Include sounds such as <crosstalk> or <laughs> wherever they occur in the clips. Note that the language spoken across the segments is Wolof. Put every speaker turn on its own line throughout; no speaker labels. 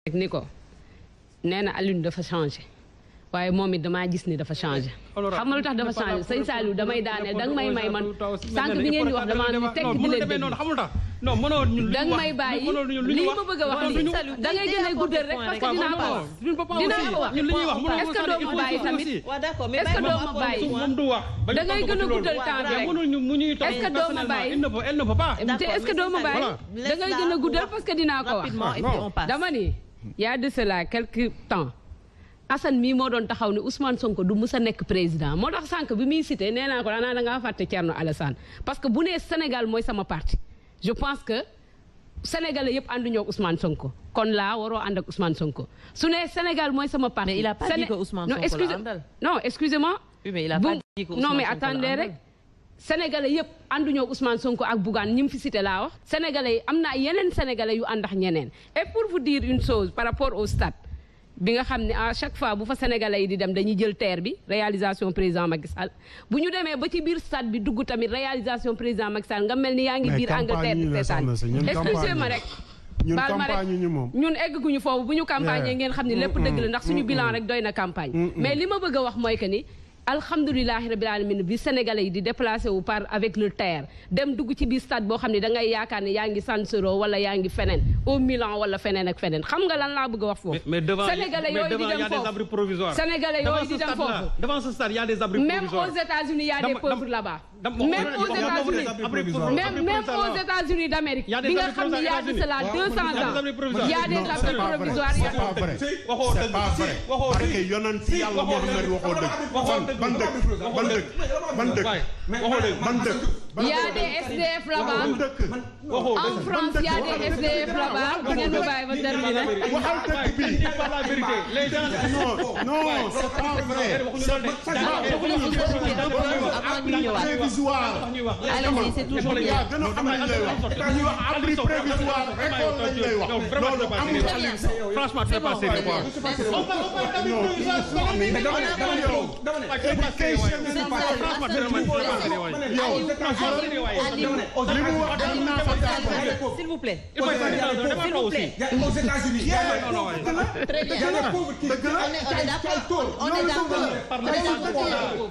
ak ni ko nee na Alioune dafa changé waaye moom it damaa gis ni dafa changé
xam nga lu tax dafa changé sëñ Saliou damay daaneel danga may may man sànq bi ngeen di wax damaa ni tekk di leen lii ma bëgg a wax nii dangay gën a guddal rek parce que dinaa ko wax dinaa ko wax est-ce que doo ma bàyyi tamit est-ce que doo ma bàyyi dangay gën a guddal temps bi rek est-ce que doo ma bàyyi
te est-ce que doo ma bàyyi dangay gën a guddal parce que dinaa ko wax ah, dama ni y a de cela quelques temps Assane mi moo doon taxaw Ousmane Sonko du mus nek président moo tax sànq bi mi cité nee naa ko daanaa da de Thierno Alassane parce que bu le Sénégal ça sama parti je pense que Sénégalais un ànduñoo ak Ousmane Sonko kon l'a waro and ak Ousmane Sonko suné le Sénégal ça sama parti. mais il a pas dit que Ousmane Sonko est non excusez non excusez-moi.
oui mais il a pas dit que Ousmane non mais attendez rek.
sénégalais yëpp ànduñoo Ousmane Sonko ak Bougane ñi mu fi cité laa wax sénégalais yi am na yeneen sénégalais yu àndax ñeneen et pour vous dire une chose par rapport au stade bi nga xam ne à chaque fois bu fa sénégalais yi di dem bi réalisation président Macky Sall bu ñu demee ba ci biir stade bi dugg tamit réalisation président Macky nga mel ni yaa ngi biir Angleterre di seetaan excusez ma rek baal ma rek ñun egguñu foofu bu ñu campagne ngeen xam ne mm, lépp mm, dëgg la ndax mm, suñu bilan rek doy na campagne mais li ma bëgg a wax mooy que ni alhamdulilahi rabil alamin bi sénégalais yi di déplacer wu par avec le terre dem dugg ci bi stade bo xamni da ngay yaakaar ne yaa ngi San wala yaa ngi feneen au Milan wala fenen ak fenen xam nga lan la bëgg wax a wax foofu sénégalais yooyu di dem
provisoires sénégalais yoy di dem fofu
devant ce stade il y a des abris provisoires même aux États-Unis il y a des pauvres là-bas même aux États-Unis même aux États-Unis d'Amérique bi nga xam ne y a de cela deux cent ans y a des abris provisoires y a c'est pas
vrai parce que yonent si yàlla Muhammad waxoo dëgg ban dëkk ban dëkk ban dëkk waxoo dëgg ban dëkk. y a des
SDF là-bas en France y a des SDF là-bas bu ngeen ma bàyyi ba terminer. waxal dëgg bi les gens non non c'est pas vrai. abri provisoire. allez c'est toujours bien. gën a am nañ lay wax dañuy wax
abri provisoire école lañ lay wax loolu amul franchement c'est pas sérieux quoi. on parle d'abri provisoire. s'il vous plaît. aux États-Unis. très bien on est d'accord on est d'accord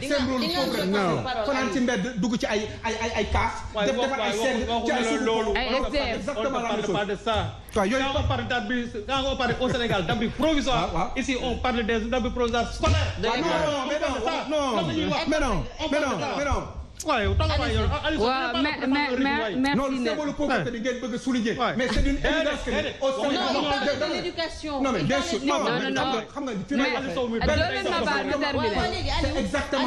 seen rôle foofu rek non dugg ci ay ay ay ay kaas. waay loolu exactement la même chose waaw yooyu quand on parle d'abri quand au Sénégal d'abri provisoire. Ah, ah. ici on parle des d'abri provisoire ah, non non mais autant mais mais c'est exactement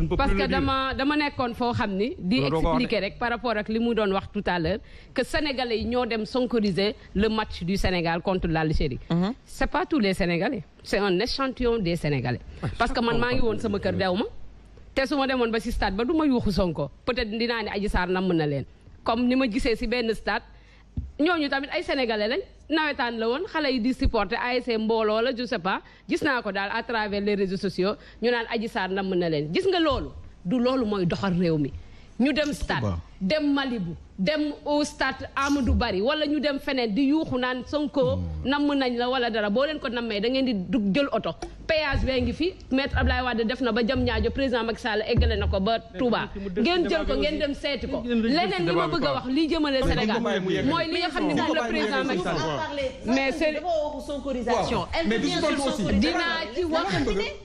tu ne parce que dama
dama nekkoon foo xam ni. di expliquer rek par rapport ak li mu doon wax tout à l'heure que sénégalais yi ñoo dem sonkoriser le match du Sénégal contre l'Algérie. Mhm. c'est pas tous les sénégalais c'est un échantillon des sénégalais. Ah, parce que man maa ngi woon sama kër dew ma. te su ma demoon ba si stade ba du ma yuuxu Sonko peut-être dinaa ne Adji Sarr namm na leen comme ni ma gisee si benn stade ñooñu tamit ay sénégalais lañ. nawetaan la woon xale yi di supporter ASC mbooloo la je sais pas gis naa ko daal à travers les réseaux sociaux ñu naan Adji Sarr nam na leen gis nga loolu du loolu mooy doxal réew mi ñu dem stade dem Malibu dem au stade du bari wala ñu dem feneen di yuuxu naan Sonko mm. namm nañ la wala dara boo leen ko nammee da ngeen di dug jël oto péage bee ngi fi maître Abdoulaye Wade def na ba jam ñaajo président Macky Sall eggale na ko ba Touba ngeen jël ko ngeen dem seeti ko leneen li ma bëgg a wax li jëmale Sénégal mooy li nga xam ne moom la président Macky Sall mais c'est sonkorisation dinaa ci wax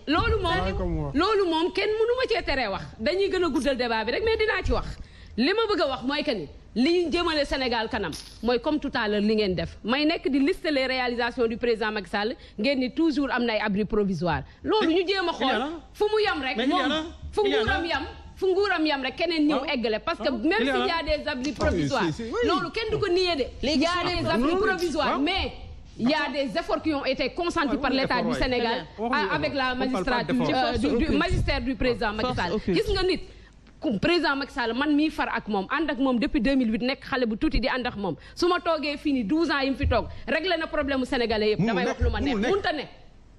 loolu moom kenn mënu ma teree wax dañuy gën a guddal débat bi rek mais dinaa ci wax li ma bëgg a wax mooy que li jëmale Sénégal kanam mooy comme tout à l'heure li ngeen def may nekk di liste les réalisations du président Macky Sall ngeen ni toujours am nay abri provisoire loolu ñu jéem a xool fu mu yam rek moom fu nguuram yam fu nguuram yam rek keneen ñëw ah. parce que ah. même s'il y a des abris ah provisoires loolu kenn du ko nié de il y a des abris provisoires mais il y a des efforts qui ont été consentis par l'État du Sénégal avec la magistrature euh, du magistère du président Macky Sall gis nga nit président Macky Sall man mi far ak mom ànd ak depuis 2008 nek xalé bu touti di ànd ak moom su ma 12 ans yim fi toog régler na problème sénégalais yépp damay wax luma ma munta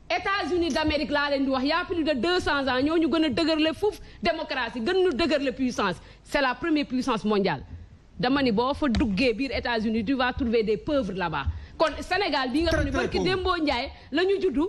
États-Unis d'Amérique la len di wax y'a plus de 200 ans ñoo ñu gëna a le fouf, démocratie gën ñu le puissance c'est la première puissance mondiale. dama ni bo fa duggé biir États-Unis tu vas trouver des pauvres là-bas kon Sénégal bi nga xamni barki Dembo Ndiaye lañu juddu.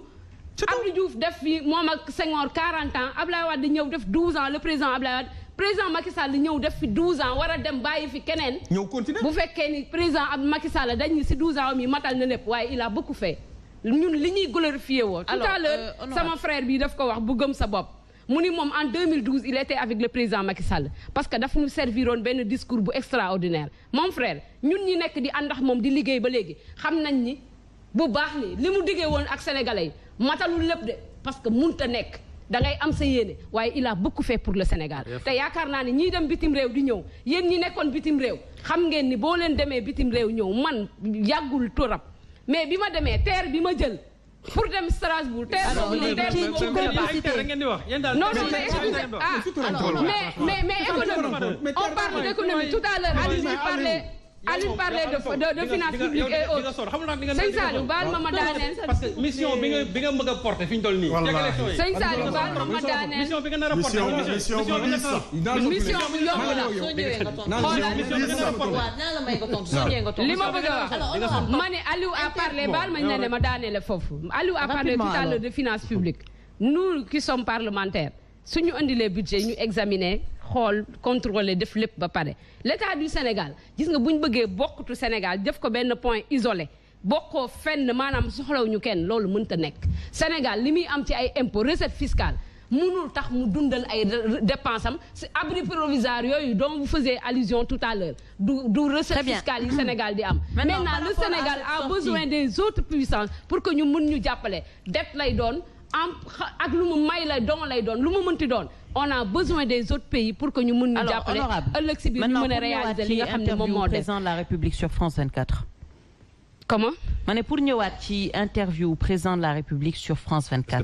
Abdou Diouf def fi mom ak Senghor 40 ans Ablaye Wade ñew def 12 ans le président Ablaye Wade. président Macky Sall ñëw def fi 12 ans war a dem bàyyi fi keneen. ñëw bu fekkee ni président ab Macky Sall dañ si 12 ans am yi matal na lépp waaye il a beaucoup fait ñun li ñuy glorifier woo. tout à euh, sama frère bi daf ko wax bu gëm sa bopp. mu ni moom en 2012 il était avec le président Macky Sall parce que daf ñu serviroon benn discours bu extraordinaire mon frère ñun ñi nekk di àndax moom di liggéey ba léegi xam nañ ni bu baax ni li mu diggee woon ak sénégalais yi matalul lépp parce que munta nekk. da ngay am sa yéene waaye il a beaucoup fait pour le Sénégal te yaakaar naa ne ñii dem bitim réew di ñëw yéen ñi nekkoon bitim réew xam ngeen ni boo leen demee bitim réew ñëw man yàggul torop mais bi ma demee terre bi ma jël pour dem Strasbourg terre boobu noonu terre boobu non non ah, mais mais mais économie on parle d'économie tout à l'heure Aliou parlait
Alioune parler de
de mission nous qui sommes parlementaires suñu les budget ñu examiner contrôler def flippes ba pare l'état du Sénégal gis nga beaucoup de bëggee Sénégal def ko benn point isolé bokkoo fenn maanaam soxlawuñu kenn loolu mënta nekk Sénégal li muy am ci ay impôt recette fiscale mënul tax mu dundal ay dépense am abri provisoire dont vous faisiez allusion tout à l'heure du recettes fiscales fiscale Sénégal di am maintenant le Sénégal a besoin des autres puissances pour que nous nous ñu jàppale lay ak lu may la don lay don lu mu mënti on a besoin des autres pays pour que ñu
mun jappalé jàppale ci bi biir ñu mën réaliser li nga xamni mom mo président de la République sur France 24. comment Mané pour ñëwaat ci interview président de la République sur France 24.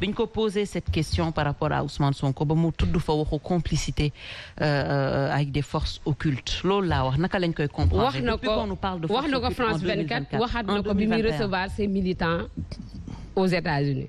bi ñu ko posé cette question par rapport à Ousmane Sonko ba mu tudd fa waxu complicité euh, euh, avec des forces occultes loolu laa wax naka lañ koy comprendre. wax na nous wax de France 24 En na ko bi muy recevoir
ces militants
aux États-Unis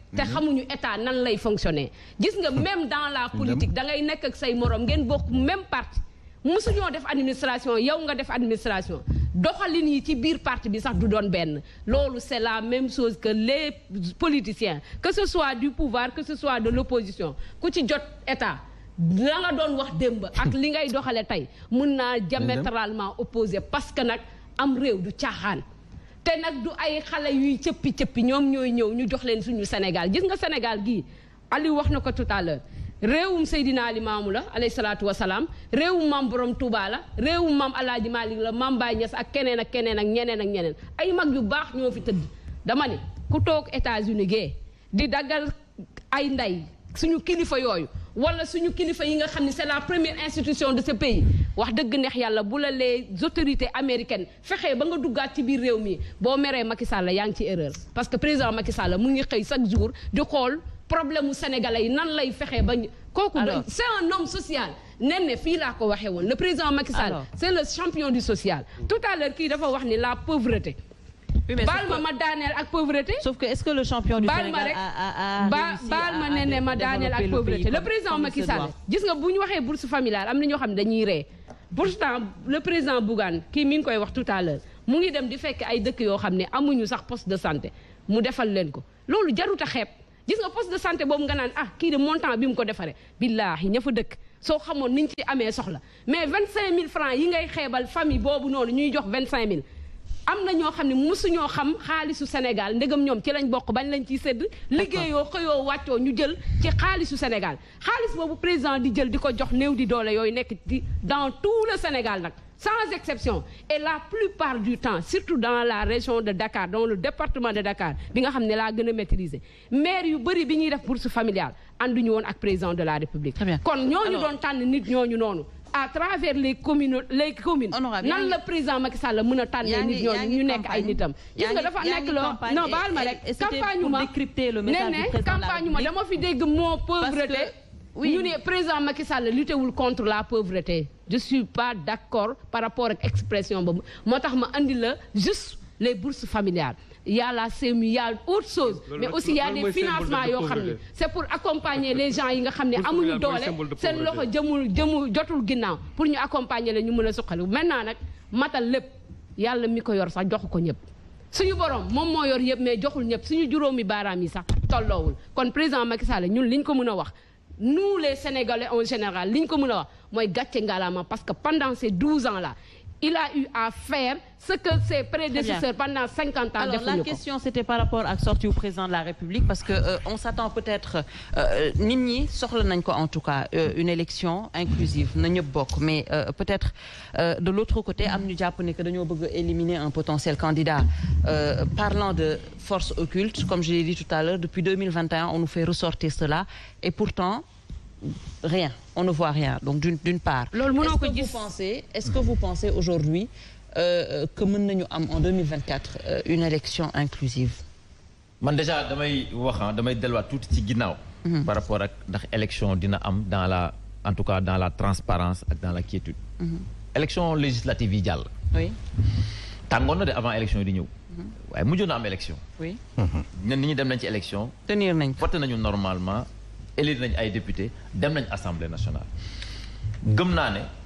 te mhm. xamuñu état nan lay fonctionner gis nga <laughs> même dans la politique da ngay nek ak say morom ngeen bokk même parti mësuñoo def administration yow nga def administration doxalin yi ci biir parti bi sax du doon benn loolu c'est la même chose que les politiciens que ce soit du pouvoir que ce soit de l'opposition ku ci jot état la nga doon wax démb <laughs> ak li ngay doxale tey mën naa diamétralement opposé parce que nag am réew du caaxaan te nag du ay xale yuy cëppi cëppi ñoom ñooy ñëw ñu jox leen suñu Sénégal gis nga Sénégal gii Aliou wax na ko tout à l'heure réewum Seydina Limaamu la alayhi salaatu wa salaam réewum maam Borom Touba la réewum maam El Hadj la maam Baye Niass ak keneen ak keneen ak ñeneen ak ñeneen ay mag yu baax ñoo fi tëdd dama ne ku toog États-Unis gee di daggal ay ndey suñu kilifa yooyu wala suñu kilifa yi nga xam ne c'est la première institution de ce pays. wax dëgg neex yàlla bu la les américaine fexe ba nga duggaat ci biir réew mi boo meree Macky Sall yaa ngi ci erreur parce que président Macky Sall mu ngi xëy chaque jour di xool problème mu sénégalais nan lay fexe ba. kooku c'est un homme social. nen ne fii laa ko waxee woon le président Macky Sall. c'est le champion du social. Mm. tout à l'heure kii dafa wax ni la pauvreté. oui mais ma Daniel ak pauvreté. sauf que est-ce que le champion du Sénégal a a a baal ma ne ne ma Daniel ak pauvreté le président Macky Sall gis nga buñ waxé bourse familiale am na ñoo xam dañuy ré pourtant le président Bougane kii mi ngi koy wax tout à l'heure mu ngi dem di fekk ay dëkk yoo xam ne amuñu sax poste de santé mu defal leen ko loolu jarut a xeeb gis nga poste de santé boobu nga naan ah kii de montant bi mu ko defaree billahi ña fa dëkk soo xamoon niñ ci amee soxla mais 25000 francs yi ngay xeebal famille boobu noonu ñuy jox 25000 amna na ñoo xam ne mosuñoo xam xaalisu Sénégal ndegam ñoom ci lañ bokk bañ lañ ciy sédd liggéeyoo xëyoo wàccoo ñu jël ci xaalisu Sénégal xaalis boobu président di jël di ko jox néew di doole yooyu nekk di dans tout le Sénégal nag sans exception et la plupart du temps surtout dans la région de Dakar dans le département de Dakar bi nga xam ne laa gën a maîtriser maire yu bëri bi ñuy def bourse familiale ànduñu woon ak président de la République kon ñooñu doon tànn nit ñooñu noonu à travers les communes les communes. nan le président Macky Sall meuna tané nit ñooñu ñu nek ay nitam. gis nga dafa nek lo non bal ma rek campagne ma nee campagne ma dama fi dégg mot pauvreté. oui ñu président Macky Sall lutte contre la pauvreté. je suis pas d'accord par rapport à expression Je suis ma andi la juste les bourses familiales il y a la SEMI, il y a autre chose mais aussi il y a des financements c'est pour accompagner les gens yi nga amuñu doole c'est loxo jëmul pour ñu accompagner la ñu a maintenant matal que yalla mi ko yor sax le ko ñep suñu borom mom que yor yeb mais joxul ñep suñu dit que yi sax tollowul kon président Macky Sall ñun liñ ko mëna wax nous les Sénégalais en général liñ ko vous wax parce que pendant ces 12 ans là il a eu à faire ce que ses prédécesseurs pendant 50 ans. Alors la question
c'était par rapport à sortie au président de la République parce que euh, on s'attend peut-être Nini, sur le le en tout cas euh, une élection inclusive na mais euh, peut-être de l'autre côté am ñu que éliminer un potentiel candidat parlant de force occulte comme je l'ai dit tout à l'heure depuis 2021 on nous fait ressortir cela et pourtant rien, on ne voit rien. Donc d'une part, est-ce que, vous pensez, aujourd'hui euh, euh, que nous avons en 2024 euh, une élection inclusive Man déjà, je ah, tout mhm. par rapport à l'élection dans en tout cas dans la transparence et dans la quiétude. Mhm. Élection législative idéale. Oui. avant élection de nous. avons élection. Oui. élection. Tenir normalement. élire nañ ay député dem nañ assemblée nationale gëm naa ne